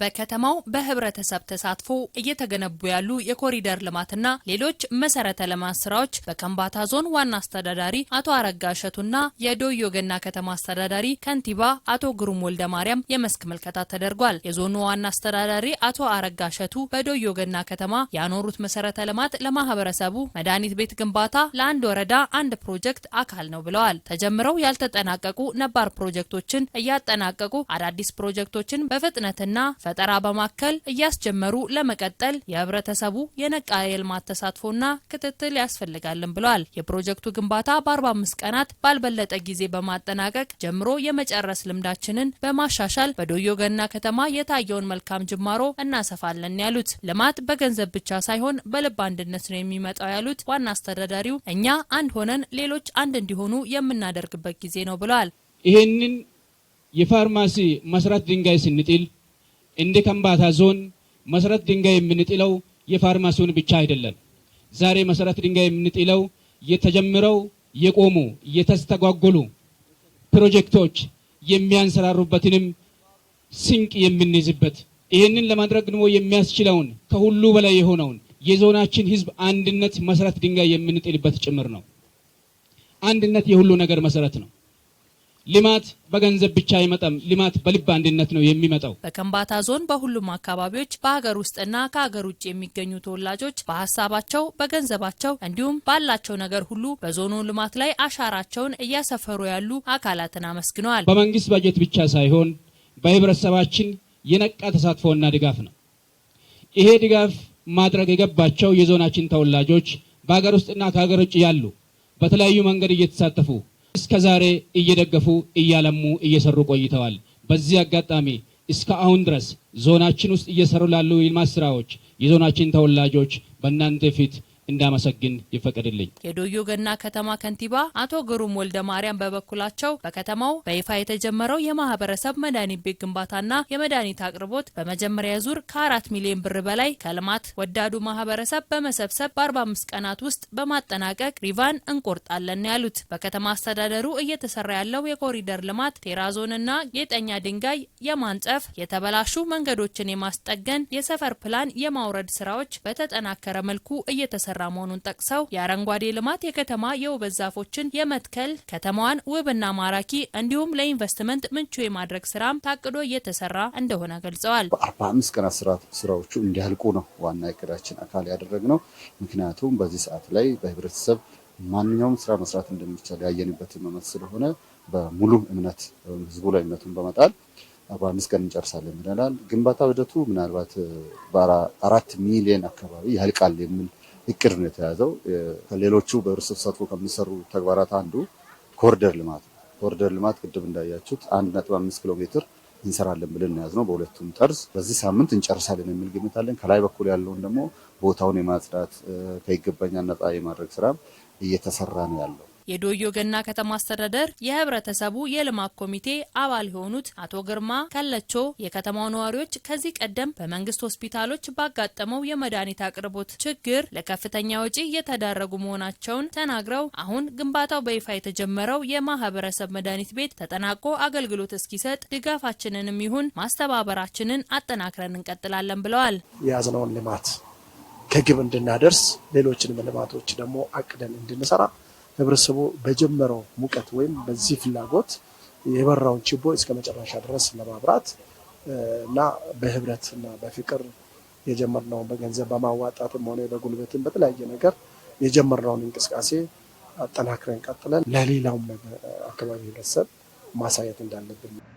በከተማው በህብረተሰብ ተሳትፎ እየተገነቡ ያሉ የኮሪደር ልማትና ሌሎች መሰረተ ልማት ስራዎች በከምባታ ዞን ዋና አስተዳዳሪ አቶ አረጋ እሸቱና የዶዮ ገና ከተማ አስተዳዳሪ ከንቲባ አቶ ግሩም ወልደ ማርያም የመስክ ምልከታ ተደርጓል። የዞኑ ዋና አስተዳዳሪ አቶ አረጋ እሸቱ በዶዮ ገና ከተማ ያኖሩት መሰረተ ልማት ለማህበረሰቡ መድኃኒት ቤት ግንባታ ለአንድ ወረዳ አንድ ፕሮጀክት አካል ነው ብለዋል። ተጀምረው ያልተጠናቀቁ ነባር ፕሮጀክቶችን እያጠናቀቁ አዳዲስ ፕሮጀክቶችን በፍጥነትና ፈጠራ በማከል እያስጀመሩ ለመቀጠል የህብረተሰቡ የነቃ የልማት ተሳትፎና ክትትል ያስፈልጋልን ብለዋል። የፕሮጀክቱ ግንባታ በ45 ቀናት ባልበለጠ ጊዜ በማጠናቀቅ ጀምሮ የመጨረስ ልምዳችንን በማሻሻል በዶዮ ገና ከተማ የታየውን መልካም ጅማሮ እናሰፋለን ያሉት ልማት በገንዘብ ብቻ ሳይሆን በልብ አንድነት ነው የሚመጣው ያሉት ዋና አስተዳዳሪው እኛ አንድ ሆነን ሌሎች አንድ እንዲሆኑ የምናደርግበት ጊዜ ነው ብለዋል። ይሄንን የፋርማሲ መስራት ድንጋይ ስንጥል እንደ ከምባታ ዞን መሰረት ድንጋይ የምንጥለው የፋርማሲውን ብቻ አይደለም። ዛሬ መሰረት ድንጋይ የምንጥለው የተጀመረው የቆሙ የተስተጓጎሉ ፕሮጀክቶች የሚያንሰራሩበትንም ስንቅ የምንይዝበት ይህንን ለማድረግ ደግሞ የሚያስችለውን ከሁሉ በላይ የሆነውን የዞናችን ሕዝብ አንድነት መሰረት ድንጋይ የምንጥልበት ጭምር ነው። አንድነት የሁሉ ነገር መሰረት ነው። ልማት በገንዘብ ብቻ አይመጣም። ልማት በልብ አንድነት ነው የሚመጣው። በከምባታ ዞን በሁሉም አካባቢዎች በሀገር ውስጥና ከሀገር ውጭ የሚገኙ ተወላጆች በሀሳባቸው፣ በገንዘባቸው እንዲሁም ባላቸው ነገር ሁሉ በዞኑ ልማት ላይ አሻራቸውን እያሰፈሩ ያሉ አካላትን አመስግነዋል። በመንግስት በጀት ብቻ ሳይሆን በህብረተሰባችን የነቃ ተሳትፎና ድጋፍ ነው። ይሄ ድጋፍ ማድረግ የገባቸው የዞናችን ተወላጆች በሀገር ውስጥና ከሀገር ውጭ ያሉ በተለያዩ መንገድ እየተሳተፉ እስከ ዛሬ እየደገፉ እያለሙ እየሰሩ ቆይተዋል። በዚህ አጋጣሚ እስከ አሁን ድረስ ዞናችን ውስጥ እየሰሩ ላሉ የልማት ስራዎች የዞናችን ተወላጆች በእናንተ ፊት እንዳመሰግን ይፈቀድልኝ። የዶዮ ገና ከተማ ከንቲባ አቶ ግሩም ወልደ ማርያም በበኩላቸው በከተማው በይፋ የተጀመረው የማህበረሰብ መድኃኒት ቤት ግንባታና የመድኃኒት አቅርቦት በመጀመሪያ ዙር ከአራት ሚሊዮን ብር በላይ ከልማት ወዳዱ ማህበረሰብ በመሰብሰብ በ45 ቀናት ውስጥ በማጠናቀቅ ሪቫን እንቆርጣለን ያሉት በከተማ አስተዳደሩ እየተሰራ ያለው የኮሪደር ልማት ቴራዞንና ጌጠኛ ድንጋይ የማንጸፍ የተበላሹ መንገዶችን የማስጠገን የሰፈር ፕላን የማውረድ ስራዎች በተጠናከረ መልኩ እየተሰራ እየተሰራ መሆኑን ጠቅሰው የአረንጓዴ ልማት የከተማ የውበት ዛፎችን የመትከል ከተማዋን ውብና ማራኪ እንዲሁም ለኢንቨስትመንት ምቹ የማድረግ ስራም ታቅዶ እየተሰራ እንደሆነ ገልጸዋል። በአርባ አምስት ቀናት ስራዎቹ እንዲያልቁ ነው ዋና እቅዳችን አካል ያደረግነው። ምክንያቱም በዚህ ሰዓት ላይ በህብረተሰብ ማንኛውም ስራ መስራት እንደሚቻል ያየንበት መመት ስለሆነ በሙሉ እምነት ህዝቡ ላይ እምነቱን በመጣል አርባ አምስት ቀን እንጨርሳለን ብለናል። ግንባታ ሂደቱ ምናልባት አራት ሚሊዮን አካባቢ ያልቃል የሚል እቅድ ነው የተያዘው። ከሌሎቹ በህብረተሰብ ተሳትፎ ከሚሰሩ ተግባራት አንዱ ኮሪደር ልማት ነው። ኮሪደር ልማት ቅድም እንዳያችሁት አንድ ነጥብ አምስት ኪሎ ሜትር እንሰራለን ብለን ነው ያዝነው። በሁለቱም ጠርዝ በዚህ ሳምንት እንጨርሳለን የሚል ግምት አለን። ከላይ በኩል ያለውን ደግሞ ቦታውን የማጽዳት ከይገባኛል ነፃ የማድረግ ስራም እየተሰራ ነው ያለው። የዶዮ ገና ከተማ አስተዳደር የህብረተሰቡ የልማት ኮሚቴ አባል የሆኑት አቶ ግርማ ከለቾ የከተማው ነዋሪዎች ከዚህ ቀደም በመንግስት ሆስፒታሎች ባጋጠመው የመድኃኒት አቅርቦት ችግር ለከፍተኛ ወጪ የተዳረጉ መሆናቸውን ተናግረው አሁን ግንባታው በይፋ የተጀመረው የማህበረሰብ መድኃኒት ቤት ተጠናቆ አገልግሎት እስኪሰጥ ድጋፋችንንም ይሁን ማስተባበራችንን አጠናክረን እንቀጥላለን ብለዋል። የያዝነውን ልማት ከግብ እንድናደርስ ሌሎችንም ልማቶች ደግሞ አቅደን እንድንሰራ ህብረተሰቡ በጀመረው ሙቀት ወይም በዚህ ፍላጎት የበራውን ችቦ እስከ መጨረሻ ድረስ ለማብራት እና በህብረት እና በፍቅር የጀመርነውን በገንዘብ በማዋጣትም ሆነ በጉልበትም በተለያየ ነገር የጀመርነውን እንቅስቃሴ አጠናክረን ቀጥለን ለሌላውም አካባቢ ህብረተሰብ ማሳየት እንዳለብን